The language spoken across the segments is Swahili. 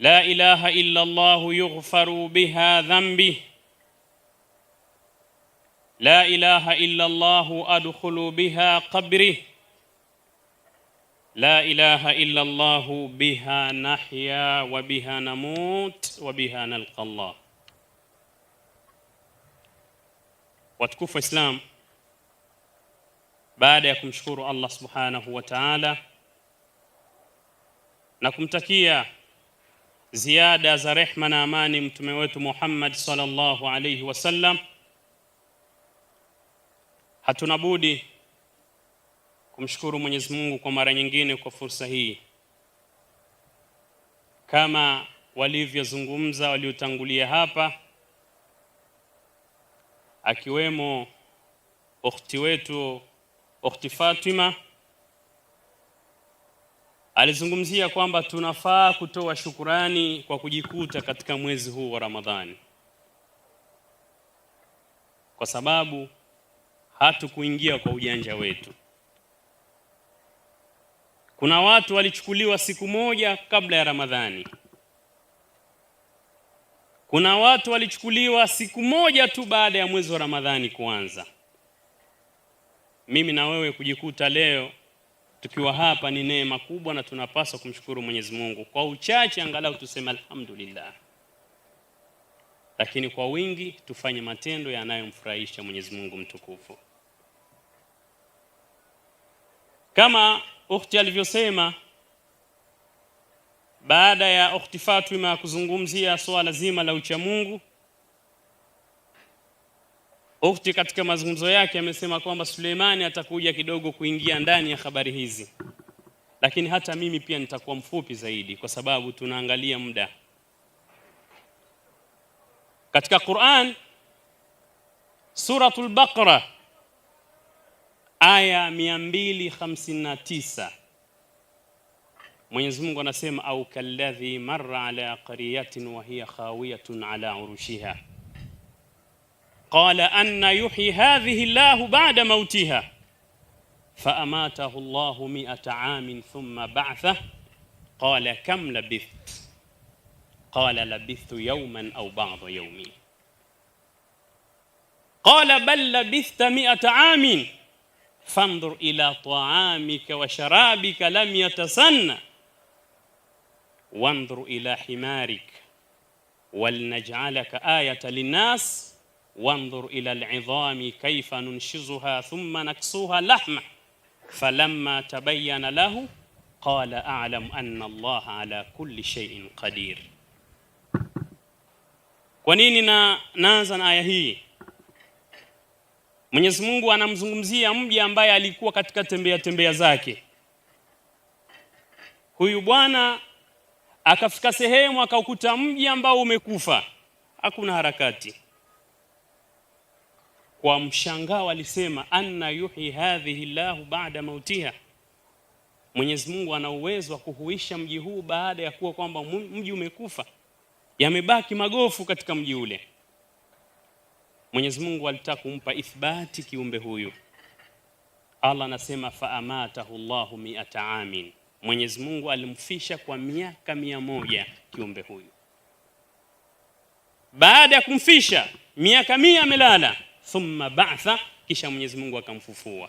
لا إله إلا الله يغفر بها ذنبي لا إله إلا الله أدخل بها قبري لا إله إلا الله بها نحيا وبها نموت وبها نلقى الله Watukufu wa Islam, baada ya kumshukuru Allah subhanahu wa taala na kumtakia ziada za rehma na amani mtume wetu Muhammad sallallahu alayhi wasallam, hatuna budi kumshukuru Mwenyezi Mungu kwa mara nyingine kwa fursa hii, kama walivyozungumza waliotangulia hapa, akiwemo ukhti wetu ukhti Fatima Alizungumzia kwamba tunafaa kutoa shukurani kwa kujikuta katika mwezi huu wa Ramadhani, kwa sababu hatukuingia kwa ujanja wetu. Kuna watu walichukuliwa siku moja kabla ya Ramadhani, kuna watu walichukuliwa siku moja tu baada ya mwezi wa Ramadhani kuanza. Mimi na wewe kujikuta leo tukiwa hapa ni neema kubwa, na tunapaswa kumshukuru Mwenyezi Mungu. Kwa uchache angalau tuseme alhamdulillah, lakini kwa wingi tufanye matendo yanayomfurahisha Mwenyezi Mungu mtukufu. Kama ukhti alivyosema, baada ya ukhti Fatima kuzungumzia swala zima la uchamungu Ukhti, katika mazungumzo yake amesema kwamba Suleimani atakuja kidogo kuingia ndani ya habari hizi, lakini hata mimi pia nitakuwa mfupi zaidi kwa sababu tunaangalia muda. Katika Qur'an Suratul Baqara aya 259 Mwenyezi Mungu anasema, au kalladhi marra ala qaryatin wa hiya khawiyatun ala urushiha قال أن يحيي هذه الله بعد موتها فأماته الله مئة عام ثم بعثه قال كم لبثت قال لبثت يوما أو بعض يومين قال بل لبثت مئة عام فانظر إلى طعامك وشرابك لم يتسن وانظر إلى حمارك ولنجعلك آية للناس wandhur ila al'idhami kaifa nunshizuha thumma naksuha lahma falamma tabayyana lahu qala a'lam anna Allaha ala kulli shay'in qadir. Kwa nini na naanza na aya hii? Mwenyezi Mungu anamzungumzia mja ambaye alikuwa katika tembea tembea zake. Huyu bwana akafika sehemu akaukuta mji ambao umekufa, hakuna harakati kwa mshangao alisema, anna yuhi hadhihi llahu ba'da mautiha, Mwenyezi Mungu ana uwezo wa kuhuisha mji huu baada ya kuwa kwamba mji umekufa, yamebaki magofu katika mji ule. Mwenyezi Mungu alitaka kumpa ithbati kiumbe huyu. Allah anasema fa amatahu llahu miata amin, Mwenyezi Mungu alimfisha kwa miaka mia moja kiumbe huyu. Baada ya kumfisha miaka mia amelala thumma ba'tha, kisha Mwenyezi Mungu akamfufua.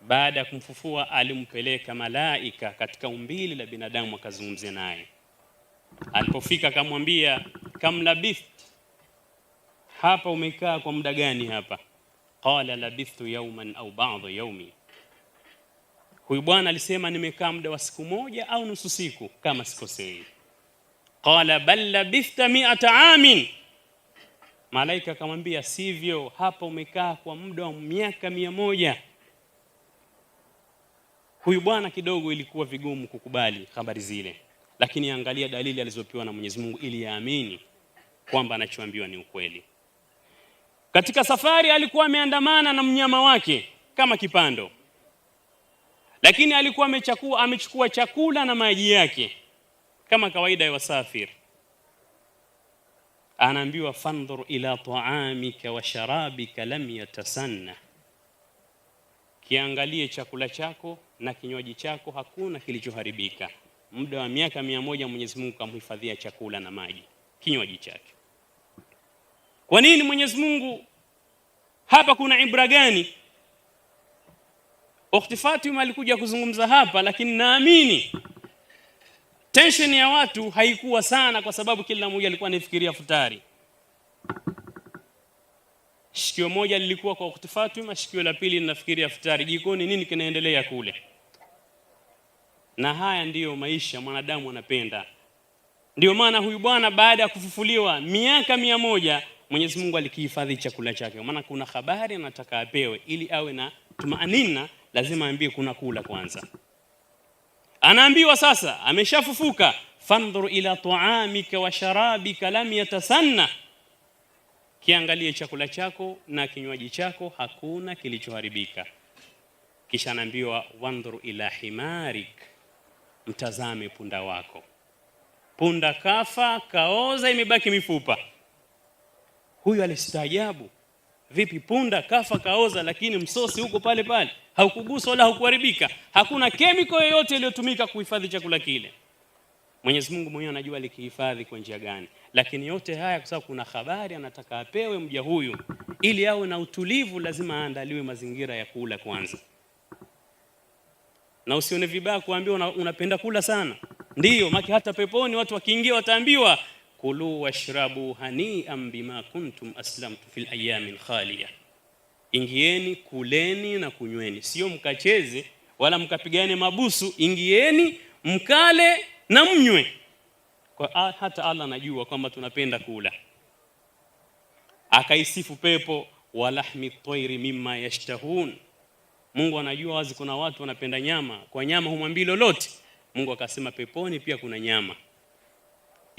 Baada ya kumfufua, alimpeleka malaika katika umbili la binadamu akazungumzia naye. Alipofika akamwambia, kam labith, hapa umekaa kwa muda gani hapa? Qala labithtu yawman au ba'd yawmi Huyu bwana alisema nimekaa muda wa siku moja au nusu siku kama sikosei. Qala bal labithta mi'ata amin Malaika akamwambia sivyo, hapa umekaa kwa muda wa miaka mia moja. Huyu bwana kidogo ilikuwa vigumu kukubali habari zile, lakini angalia dalili alizopewa na Mwenyezi Mungu ili yaamini kwamba anachoambiwa ni ukweli. Katika safari alikuwa ameandamana na mnyama wake kama kipando, lakini alikuwa amechukua chakula na maji yake kama kawaida ya wasafiri anaambiwa fandhur ila taamika wa sharabika lam yatasanna, kiangalie chakula chako na kinywaji chako, hakuna kilichoharibika. Muda wa miaka mia moja Mwenyezi Mungu kamhifadhia chakula na maji, kinywaji chake. Kwa nini Mwenyezi Mungu hapa kuna ibra gani? Ukhti Fatima alikuja kuzungumza hapa, lakini naamini Tension ya watu haikuwa sana, kwa sababu kila mmoja alikuwa anafikiria futari. Shikio moja lilikuwa kwa wakati Fatuma, shikio la pili linafikiria futari, jikoni nini kinaendelea kule. Na haya ndiyo maisha mwanadamu anapenda. Ndiyo maana huyu bwana baada ya kufufuliwa miaka mia moja Mwenyezi Mungu alikihifadhi chakula chake, maana kuna habari anataka apewe ili awe na tumaanina, lazima aambie kuna kula kwanza. Anaambiwa sasa ameshafufuka, fandhur ila taamika wa sharabika lam yatasanna, kiangalie chakula chako na kinywaji chako hakuna kilichoharibika. Kisha anaambiwa wandhur ila himarik, mtazame punda wako. Punda kafa kaoza, imebaki mifupa. Huyu alistaajabu. Vipi punda kafa kaoza, lakini msosi huko pale pale haukuguswa wala haukuharibika. Hakuna kemiko yoyote iliyotumika kuhifadhi chakula kile. Mwenyezi Mungu mwenyewe anajua alikihifadhi kwa njia gani, lakini yote haya kwa sababu kuna habari anataka apewe mja huyu, ili awe na utulivu, lazima aandaliwe mazingira ya kula kwanza. Na usione vibaya kuambiwa unapenda kula sana, ndiyo maki, hata peponi watu wakiingia wataambiwa kulu washrabu hanian bima kuntum aslamtu fil ayami khaliya, ingieni kuleni na kunyweni, sio mkacheze wala mkapigane mabusu. Ingieni mkale na mnywe kwa, hata Allah anajua kwamba tunapenda kula. Akaisifu pepo wa lahmi mima mimma yashtahun, Mungu anajua wazi kuna watu wanapenda nyama, kwa nyama humwambii lolote. Mungu akasema peponi pia kuna nyama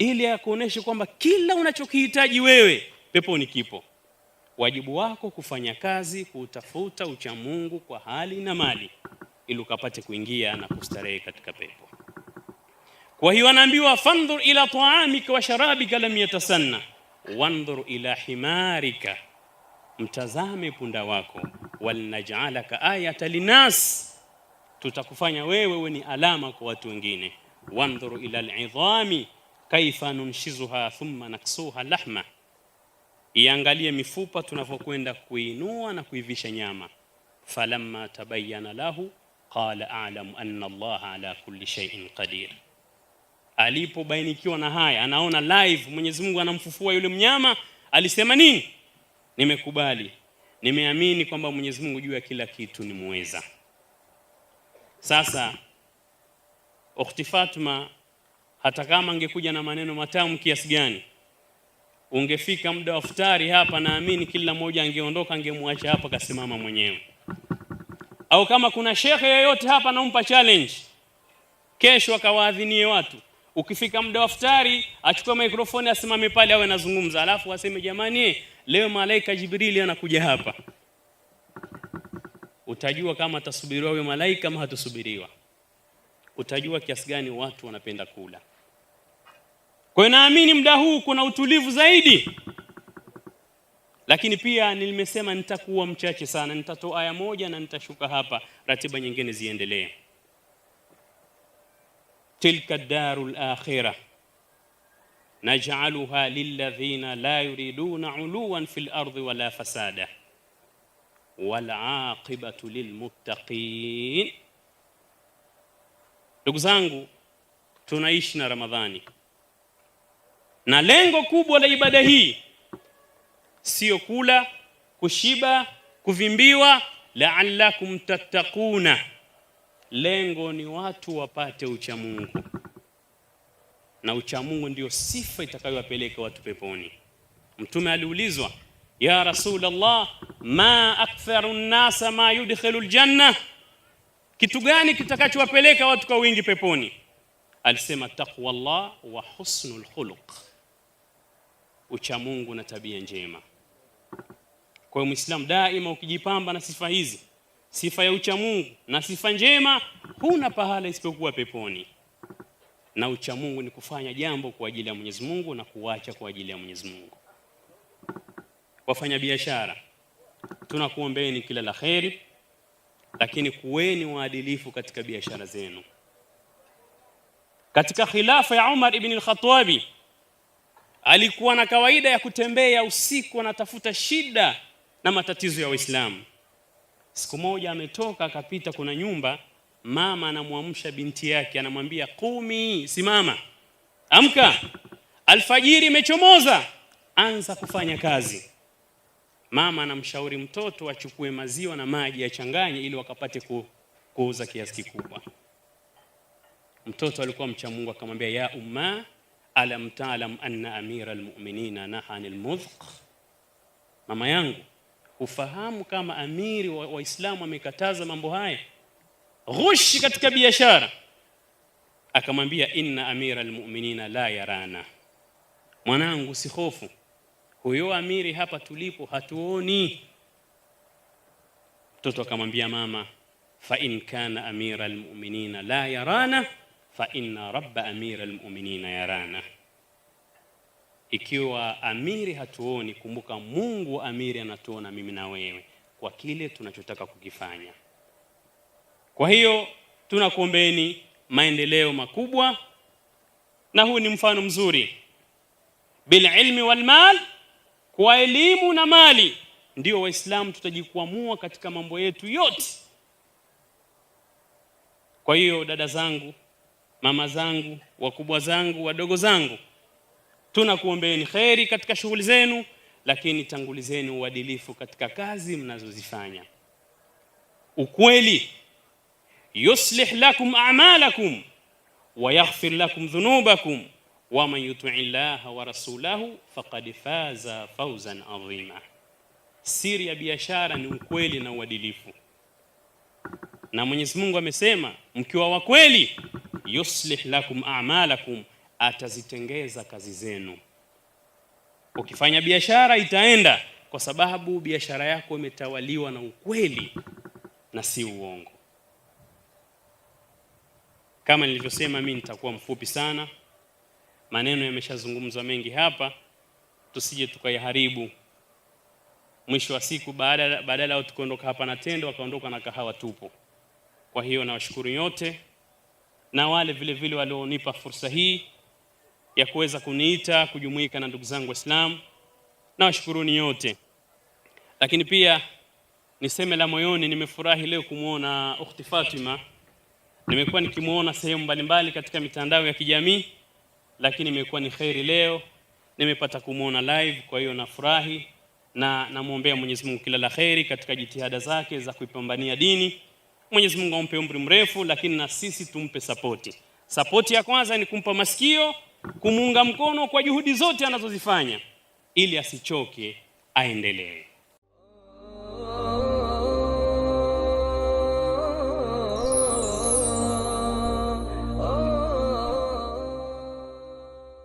ili akuoneshe kwamba kila unachokihitaji wewe peponi kipo. Wajibu wako kufanya kazi kuutafuta ucha Mungu kwa hali na mali, ili ukapate kuingia na kustarehe katika pepo. Kwa hiyo anaambiwa fandhur ila taamika wa sharabika lam yatasanna wandhur ila himarika, mtazame punda wako. Walnajalaka ayata linas, tutakufanya wewe we ni alama kwa watu wengine. Wandhur ila alidhami kaifa nunshizuha thumma naksuha lahma, iangalie mifupa tunavyokwenda kuinua na kuivisha nyama. Falamma tabayyana lahu qala a'lamu anna Allaha ala kulli shay'in qadir, alipobainikiwa na haya, anaona live Mwenyezi Mungu anamfufua yule mnyama, alisema nini? Nimekubali, nimeamini kwamba Mwenyezi Mungu juu ya kila kitu ni muweza. Sasa ukhti Fatma hata kama angekuja na maneno matamu kiasi gani, ungefika muda wa futari hapa, naamini kila mmoja angeondoka, angemwacha hapa kasimama mwenyewe. Au kama kuna shekhe yoyote hapa, nampa challenge kesho akawaadhinie watu, ukifika muda wa futari achukue mikrofoni asimame pale, awe anazungumza, alafu aseme jamani, eh, leo malaika Jibrili anakuja hapa. Utajua kama atasubiriwa huyo malaika ama hatusubiriwa. Utajua kiasi gani watu wanapenda kula. Kwa hiyo naamini muda huu kuna utulivu zaidi, lakini pia nilimesema nitakuwa mchache sana, nitatoa aya moja na nitashuka hapa, ratiba nyingine ziendelee. tilka darul akhirah naj'aluha lilladhina la yuriduna uluwan fil ardi wala fasada wal aqibatu lilmuttaqin. Ndugu zangu, tunaishi na Ramadhani na lengo kubwa la ibada hii siyo kula, kushiba, kuvimbiwa, la'allakum tattaquna. Lengo ni watu wapate uchamungu, na uchamungu ndio sifa itakayowapeleka watu peponi. Mtume aliulizwa, ya Rasulullah, ma aktharu nnasa ma yudkhilu ljanna, kitu gani kitakachowapeleka watu kwa wingi peponi? Alisema taqwa llah wa husnul khuluq uchamungu na tabia njema. Kwa hiyo Muislamu daima ukijipamba na sifa hizi, sifa ya uchamungu na sifa njema, huna pahala isipokuwa peponi. Na uchamungu ni kufanya jambo kwa ajili ya Mwenyezi Mungu na kuacha kwa ajili ya Mwenyezi Mungu. Wafanya biashara, tunakuombeeni kila la kheri, lakini kuweni waadilifu katika biashara zenu. Katika khilafa ya Umar ibn al-Khattabi alikuwa na kawaida ya kutembea usiku anatafuta shida na matatizo ya Waislamu. Siku moja ametoka akapita, kuna nyumba, mama anamwamsha binti yake, anamwambia qumi, simama, amka, alfajiri imechomoza, anza kufanya kazi. Mama anamshauri mtoto achukue maziwa na maji yachanganye, ili wakapate ku, kuuza kiasi kikubwa. Mtoto alikuwa mcha Mungu, akamwambia ya umma alam talam anna amira lmuminina naha anil mudhq, mama yangu hufahamu kama amiri wa Waislamu amekataza mambo haya, ghushi katika biashara. Akamwambia, inna amira lmuminina la yarana, mwanangu si usihofu, huyo amiri hapa tulipo hatuoni. Mtoto akamwambia mama, fain kana amira lmuminina la yarana fa inna rabba amira almu'minina yarana, ikiwa amiri hatuoni, kumbuka Mungu amiri anatuona mimi na wewe kwa kile tunachotaka kukifanya. Kwa hiyo tunakuombeeni maendeleo makubwa, na huu ni mfano mzuri bil ilmi wal mal, kwa elimu na mali ndio Waislamu tutajikwamua katika mambo yetu yote. Kwa hiyo dada zangu mama zangu, wakubwa zangu, wadogo zangu, tunakuombeeni kheri katika shughuli zenu, lakini tangulizeni uadilifu katika kazi mnazozifanya. Ukweli, yuslih lakum a'malakum wa yaghfir lakum dhunubakum wa man yuti llaha wa rasulahu faqad faza fawzan adhima. Siri ya biashara ni ukweli na uadilifu, na Mwenyezi Mungu amesema mkiwa wakweli yuslih lakum a'malakum, atazitengeza kazi zenu. Ukifanya biashara itaenda, kwa sababu biashara yako imetawaliwa na ukweli na si uongo. Kama nilivyosema, mimi nitakuwa mfupi sana, maneno yameshazungumzwa mengi hapa, tusije tukaiharibu. Mwisho wa siku, badala badala watu kuondoka hapa na tendo, wakaondoka na kahawa tupo. Kwa hiyo nawashukuru nyote na wale vile vile walionipa fursa hii ya kuweza kuniita kujumuika na ndugu zangu Waislamu, na washukuruni yote. Lakini pia niseme la moyoni, nimefurahi leo kumwona ukhti Fatima. Nimekuwa nikimwona sehemu mbalimbali katika mitandao ya kijamii, lakini imekuwa ni kheri leo nimepata kumwona live. Kwa hiyo nafurahi na namwombea Mwenyezi Mungu kila la kheri katika jitihada zake za kuipambania dini. Mwenyezi Mungu ampe umri mrefu, lakini na sisi tumpe sapoti. Sapoti ya kwanza ni kumpa masikio, kumuunga mkono kwa juhudi zote anazozifanya ili asichoke, aendelee.